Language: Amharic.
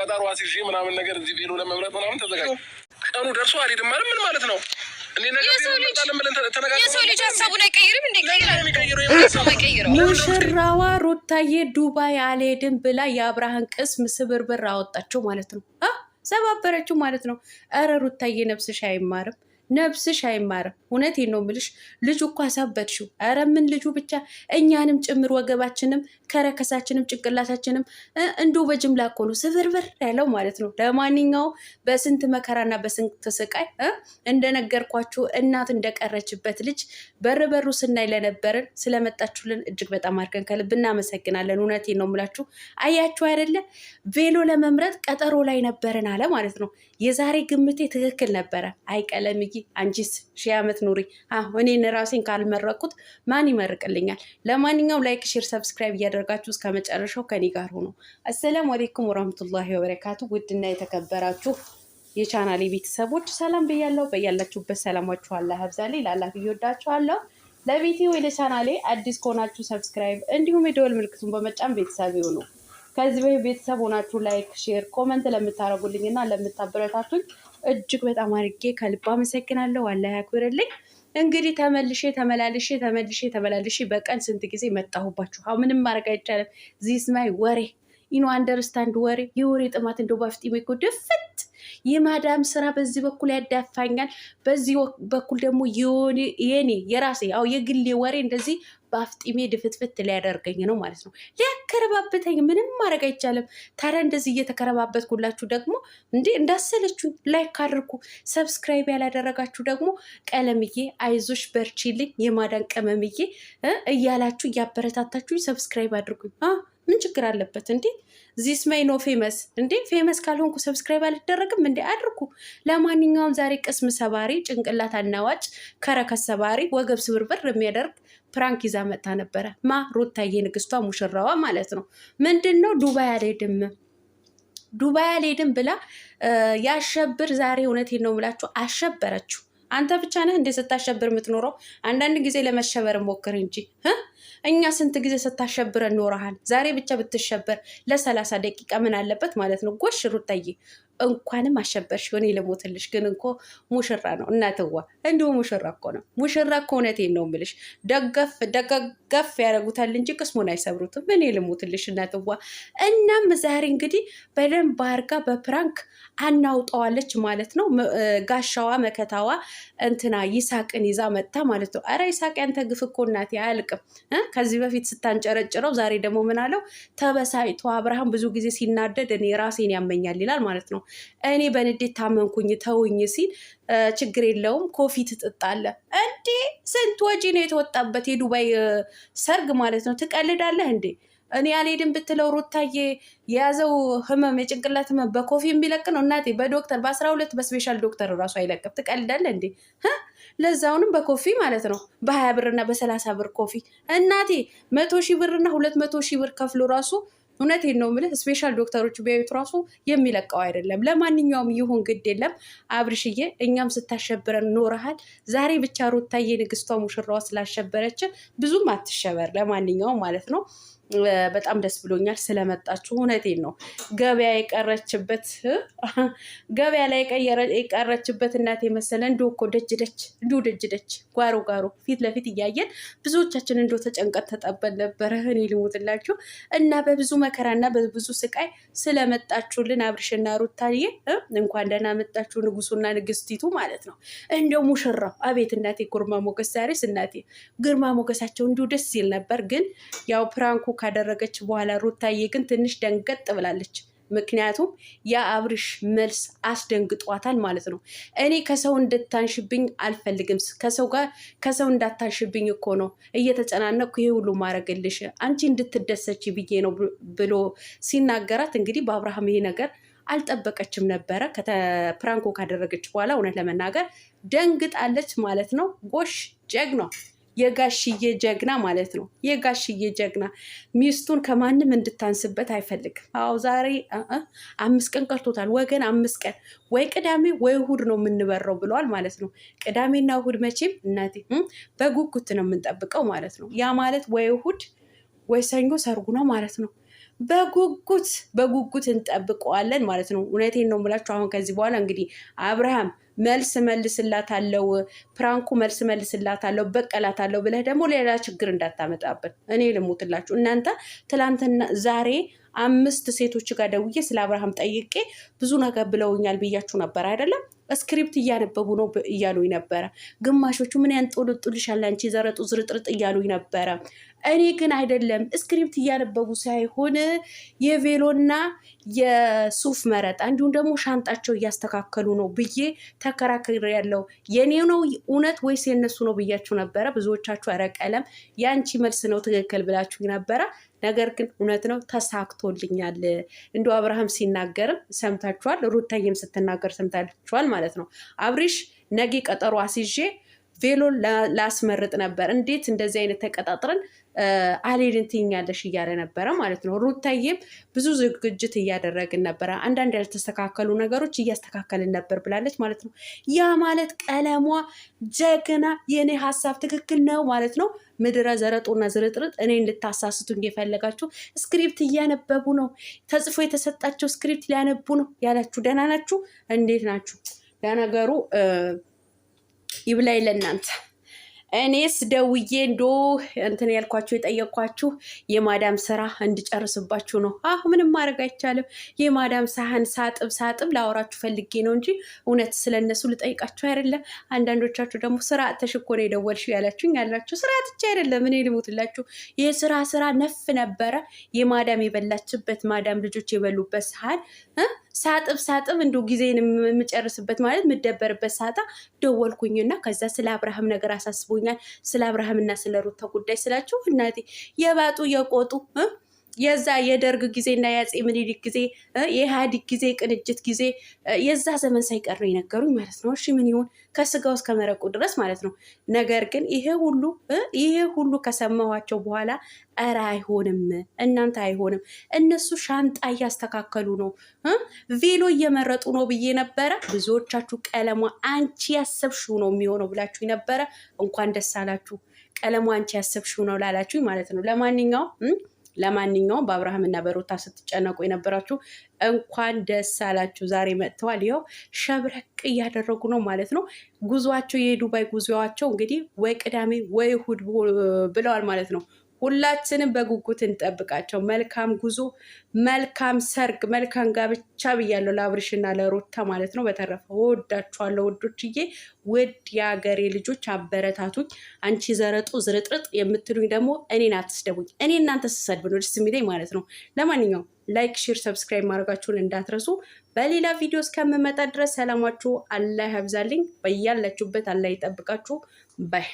ቀጠሮ አስይዤ ምናምን ነገር እዚህ ቬሎ ለመምረጥ ምናምን ተዘጋጅ። ቀኑ ደርሶ አልሄድም ማለት ምን ማለት ነው? ሙሽራዋ ሩታዬ ዱባይ አልሄድም ብላ የአብርሃን ቅስም ስብርብር አወጣችው ማለት ነው፣ ሰባበረችው ማለት ነው። ኧረ ሩታዬ ነፍስሽ አይማርም። ነብስሽ አይማርም። እውነቴ ነው የምልሽ። ልጁ እኮ አሳበድሽው። ኧረ ምን ልጁ ብቻ እኛንም ጭምር ወገባችንም፣ ከረከሳችንም፣ ጭንቅላታችንም እንዲሁ በጅምላ እኮ ነው ስብርብር ያለው ማለት ነው። ለማንኛውም በስንት መከራና በስንት ስቃይ እንደነገርኳችሁ እናት እንደቀረችበት ልጅ በር በሩ ስናይ ለነበርን ስለመጣችሁልን እጅግ በጣም አድርገን ከልብ እናመሰግናለን። እውነቴ ነው የምላችሁ። አያችሁ አይደለ ቬሎ ለመምረጥ ቀጠሮ ላይ ነበርን አለ ማለት ነው። የዛሬ ግምቴ ትክክል ነበረ። አይቀለምዬ አንቺስ ሺህ ዓመት ኑሪ። እኔን ራሴን ካልመረቅኩት ማን ይመርቅልኛል? ለማንኛውም ላይክ፣ ሼር፣ ሰብስክራይብ እያደረጋችሁ እስከ መጨረሻው ከኔ ጋር ሆኖ አሰላሙ አሌይኩም ወራህመቱላሂ ወበረካቱ። ውድና የተከበራችሁ የቻናሌ ቤተሰቦች ሰላም ብያለሁ። በያላችሁበት ሰላማችሁ አላ ያብዛሌ። ላላፊ እየወዳችኋለሁ። ለቤቴ ወይ ለቻናሌ አዲስ ከሆናችሁ ሰብስክራይብ እንዲሁም የደወል ምልክቱን በመጫን ቤተሰብ ይሁኑ። ከዚህ በፊት ቤተሰብ ሆናችሁ ላይክ፣ ሼር፣ ኮመንት ለምታደርጉልኝ እና ለምታበረታቱኝ እጅግ በጣም አድርጌ ከልብ አመሰግናለሁ። አላህ ያክብርልኝ። እንግዲህ ተመልሼ ተመላልሼ ተመልሼ ተመላልሼ በቀን ስንት ጊዜ መጣሁባችሁ? አሁን ምንም ማድረግ አይቻልም። ዚስማይ ወሬ ኢኖ አንደርስታንድ ወሬ የወሬ ጥማት እንደው ባፍጢሜ እኮ ድፍት የማዳም ስራ በዚህ በኩል ያዳፋኛል፣ በዚህ በኩል ደግሞ የኔ የራሴ አው የግሌ ወሬ እንደዚህ በአፍጢሜ ድፍትፍት ሊያደርገኝ ነው ማለት ነው። ሊያከረባበተኝ ምንም ማድረግ አይቻልም። ታዲያ እንደዚህ እየተከረባበትኩላችሁ ደግሞ እንዴ እንዳሰለችሁ ላይክ አድርጉ። ሰብስክራይብ ያላደረጋችሁ ደግሞ ቀለምዬ አይዞሽ በርቺልኝ የማዳን ቀመምዬ እያላችሁ እያበረታታችሁ ሰብስክራይብ አድርጉኝ። ምን ችግር አለበት እንዴ? ዚስ ማይ ኖ ፌመስ እንዴ? ፌመስ ካልሆንኩ ሰብስክራይብ አልደረግም እንዴ? አድርጉ። ለማንኛውም ዛሬ ቅስም ሰባሪ፣ ጭንቅላት አናዋጭ፣ ከረከት ሰባሪ፣ ወገብ ስብርብር የሚያደርግ ፕራንክ ይዛ መጣ ነበረ። ማ ሩታዬ ንግስቷ ሙሽራዋ ማለት ነው። ምንድን ነው ዱባይ አልሄድም ዱባይ አልሄድም ብላ ያሸብር ዛሬ እውነቴን ነው የምላችሁ አሸበረችው። አንተ ብቻ ነህ እንደ ስታሸብር የምትኖረው። አንዳንድ ጊዜ ለመሸበር ሞክር እንጂ እኛ ስንት ጊዜ ስታሸብረ ኖረሃል። ዛሬ ብቻ ብትሸበር ለሰላሳ ደቂቃ ምን አለበት ማለት ነው። ጎሽ ሩታዬ እንኳንም አሸበርሽ። ሆኔ ልሞትልሽ ግን እንኮ ሙሽራ ነው እናትዋ፣ እንዲሁ ሙሽራ እኮ ነው። ሙሽራ እኮ እውነቴን ነው የምልሽ፣ ደገፍ ደገፍ ያደርጉታል እንጂ ቅስሙን አይሰብሩትም። እኔ ልሞትልሽ እናትዋ። እናም ዛሬ እንግዲህ በደንብ አድርጋ በፕራንክ አናውጠዋለች ማለት ነው። ጋሻዋ መከታዋ እንትና ይሳቅን ይዛ መጥታ ማለት ነው። አረ ይሳቅ ያንተ ግፍ እኮ እናቴ አያልቅ አያልቅም። ከዚህ በፊት ስታንጨረጭረው ዛሬ ደግሞ ምን አለው ተበሳጭቶ አብርሃም ብዙ ጊዜ ሲናደድ እኔ ራሴን ያመኛል ይላል ማለት ነው። እኔ በንዴት ታመንኩኝ ተውኝ ሲል ችግር የለውም ኮፊ ትጥጣለ እንዴ! ስንት ወጪ ነው የተወጣበት የዱባይ ሰርግ ማለት ነው። ትቀልዳለህ እንዴ? እኔ አልሄድም ብትለው ሩታዬ የያዘው ህመም የጭንቅላት ህመም በኮፊ የሚለቅ ነው እናቴ፣ በዶክተር በአስራ ሁለት በስፔሻል ዶክተር እራሱ አይለቅም። ትቀልዳለህ እንዴ? ለዛውንም በኮፊ ማለት ነው በሀያ ብርና በሰላሳ ብር ኮፊ እናቴ መቶ ሺህ ብርና ሁለት መቶ ሺህ ብር ከፍሎ ራሱ እውነቴን ነው የምልህ ስፔሻል ዶክተሮች ቢያዩት ራሱ የሚለቀው አይደለም። ለማንኛውም ይሁን ግድ የለም አብርሽዬ፣ እኛም ስታሸብረን ኖረሃል። ዛሬ ብቻ ሩታዬ ንግስቷ ሙሽራዋ ስላሸበረች ብዙም አትሸበር። ለማንኛውም ማለት ነው በጣም ደስ ብሎኛል ስለመጣችሁ። እውነቴን ነው። ገበያ የቀረችበት ገበያ ላይ የቀረችበት እናት የመሰለ እንዲ እኮ ደጅደች ደጅ እንዲ ደጅ ጓሮ ጓሮ ፊት ለፊት እያየን ብዙዎቻችን እንዶ ተጨንቀት ተጠበል ነበረ። እኔ ልሙትላችሁ እና በብዙ መከራ መከራና በብዙ ስቃይ ስለመጣችሁልን አብርሽና ሩታዬ እንኳን ደህና መጣችሁ። ንጉሱና ንግስቲቱ ማለት ነው። እንደ ሙሽራው አቤት እናቴ ግርማ ሞገስ ዛሬስ እናቴ ግርማ ሞገሳቸው እንዲሁ ደስ ይል ነበር። ግን ያው ፕራንኩ ካደረገች በኋላ ሩታዬ ግን ትንሽ ደንገጥ ብላለች። ምክንያቱም የአብርሽ መልስ አስደንግጧታል ማለት ነው። እኔ ከሰው እንድታንሽብኝ አልፈልግም፣ ከሰው ጋር ከሰው እንዳታንሽብኝ እኮ ነው እየተጨናነቅኩ ይሄ ሁሉ ማድረግልሽ አንቺ እንድትደሰች ብዬ ነው ብሎ ሲናገራት እንግዲህ በአብርሃም ይሄ ነገር አልጠበቀችም ነበረ። ፕራንኮ ካደረገች በኋላ እውነት ለመናገር ደንግጣለች ማለት ነው። ጎሽ ጀግኗ የጋሽዬ ጀግና ማለት ነው። የጋሽዬ ጀግና ሚስቱን ከማንም እንድታንስበት አይፈልግም። አዎ ዛሬ አምስት ቀን ቀርቶታል ወገን፣ አምስት ቀን ወይ ቅዳሜ ወይ እሁድ ነው የምንበረው ብለዋል ማለት ነው። ቅዳሜና እሁድ መቼም እናቴ በጉጉት ነው የምንጠብቀው ማለት ነው። ያ ማለት ወይ እሁድ ወይ ሰኞ ሰርጉ ነው ማለት ነው። በጉጉት በጉጉት እንጠብቀዋለን ማለት ነው። እውነቴን ነው የምላችሁ። አሁን ከዚህ በኋላ እንግዲህ አብርሃም መልስ መልስላታለው ፕራንኩ መልስ በቀላት በቀላታለሁ ብለህ ደግሞ ሌላ ችግር እንዳታመጣብን። እኔ ልሙትላችሁ እናንተ ትላንትና ዛሬ አምስት ሴቶች ጋር ደውዬ ስለ አብርሃም ጠይቄ ብዙ ነገር ብለውኛል ብያችሁ ነበር አይደለም? ስክሪፕት እያነበቡ ነው እያሉኝ ነበረ። ግማሾቹ ምን ያንጦለጡልሻል አንቺ ዘረጡ ዝርጥርጥ እያሉኝ ነበረ። እኔ ግን አይደለም ስክሪፕት እያነበቡ ሳይሆን የቬሎና የሱፍ መረጥ እንዲሁም ደግሞ ሻንጣቸው እያስተካከሉ ነው ብዬ ተከራክር ያለው የኔ ነው እውነት ወይስ የነሱ ነው ብያችሁ ነበረ። ብዙዎቻችሁ ኧረ ቀለም የአንቺ መልስ ነው ትክክል ብላችሁ ነበረ። ነገር ግን እውነት ነው ተሳክቶልኛል። እንዲሁ አብርሃም ሲናገርም ሰምታችኋል፣ ሩታዬም ስትናገር ሰምታችኋል ማለት ማለት ነው። አብሪሽ ነጌ ቀጠሮ አስይዤ ቬሎ ላስመርጥ ነበር፣ እንዴት እንደዚህ አይነት ተቀጣጥረን አልሄድን ትይኛለሽ እያለ ነበረ ማለት ነው። ሩታዬም ብዙ ዝግጅት እያደረግን ነበረ፣ አንዳንድ ያልተስተካከሉ ነገሮች እያስተካከልን ነበር ብላለች ማለት ነው። ያ ማለት ቀለሟ ጀግና፣ የእኔ ሀሳብ ትክክል ነው ማለት ነው። ምድረ ዘረጡና ዝርጥርጥ እኔ እንድታሳስቱኝ የፈለጋችሁ ስክሪፕት እያነበቡ ነው፣ ተጽፎ የተሰጣቸው ስክሪፕት ሊያነቡ ነው ያላችሁ፣ ደህና ናችሁ? እንዴት ናችሁ? ለነገሩ ይብላኝ ለእናንተ። እኔስ ደውዬ እንዶ እንትን ያልኳችሁ የጠየኳችሁ የማዳም ስራ እንድጨርስባችሁ ነው። አሁ ምንም ማድረግ አይቻልም። የማዳም ሳህን ሳጥብ ሳጥብ ላወራችሁ ፈልጌ ነው እንጂ እውነት ስለነሱ ልጠይቃችሁ አይደለም። አንዳንዶቻችሁ ደግሞ ስራ ተሽኮ ነው የደወልሽው ያላችሁኝ ያላችሁ ስራ ትቼ አይደለም እኔ ልሙትላችሁ። ይህ ስራ ስራ ነፍ ነበረ። የማዳም የበላችበት ማዳም ልጆች የበሉበት ሳህን ሳጥብ ሳጥብ እንዶ ጊዜን የምጨርስበት ማለት የምደበርበት ሳጣ ደወልኩኝና ከዛ ስለ አብርሃም ነገር አሳስቦ ብለውኛል ስለ አብርሃምና ስለ ሩታ ጉዳይ ስላችሁ እናቴ የባጡ የቆጡ የዛ የደርግ እና የአፄ ምኒልክ ጊዜ የኢህአዲግ ጊዜ ቅንጅት ጊዜ የዛ ዘመን ሳይቀር ነው የነገሩኝ ማለት ነው። እሺ ምን ይሁን ከስጋው እስከ መረቁ ድረስ ማለት ነው። ነገር ግን ይሄ ሁሉ ይሄ ሁሉ ከሰማኋቸው በኋላ ኧረ አይሆንም፣ እናንተ አይሆንም፣ እነሱ ሻንጣ እያስተካከሉ ነው፣ ቬሎ እየመረጡ ነው ብዬ ነበረ። ብዙዎቻችሁ ቀለሟ አንቺ ያሰብሽው ነው የሚሆነው ብላችሁ ነበረ። እንኳን ደስ አላችሁ። ቀለሟ አንቺ ያሰብሽው ነው ላላችሁኝ ማለት ነው። ለማንኛውም ለማንኛውም በአብርሃምና በሩታ ስትጨነቁ የነበራችሁ እንኳን ደስ አላችሁ። ዛሬ መጥተዋል። ይኸው ሸብረቅ እያደረጉ ነው ማለት ነው። ጉዟቸው የዱባይ ጉዞዋቸው እንግዲህ ወይ ቅዳሜ ወይ እሑድ ብለዋል ማለት ነው። ሁላችንም በጉጉት እንጠብቃቸው። መልካም ጉዞ፣ መልካም ሰርግ፣ መልካም ጋብቻ ብያለሁ ለአብርሽና ለሩታ ማለት ነው። በተረፈ ወዳችኋለሁ ውዶችዬ፣ ውድ የሀገሬ ልጆች አበረታቱኝ። አንቺ ዘረጡ ዝርጥርጥ የምትሉኝ ደግሞ እኔን አትስደቡኝ። እኔ እናንተ ስሰድብ ነው ደስ የሚለኝ ማለት ነው። ለማንኛውም ላይክ፣ ሼር፣ ሰብስክራይብ ማድረጋችሁን እንዳትረሱ። በሌላ ቪዲዮ እስከምመጣ ድረስ ሰላማችሁ አላህ ያብዛልኝ። በያላችሁበት አላህ ይጠብቃችሁ ባይ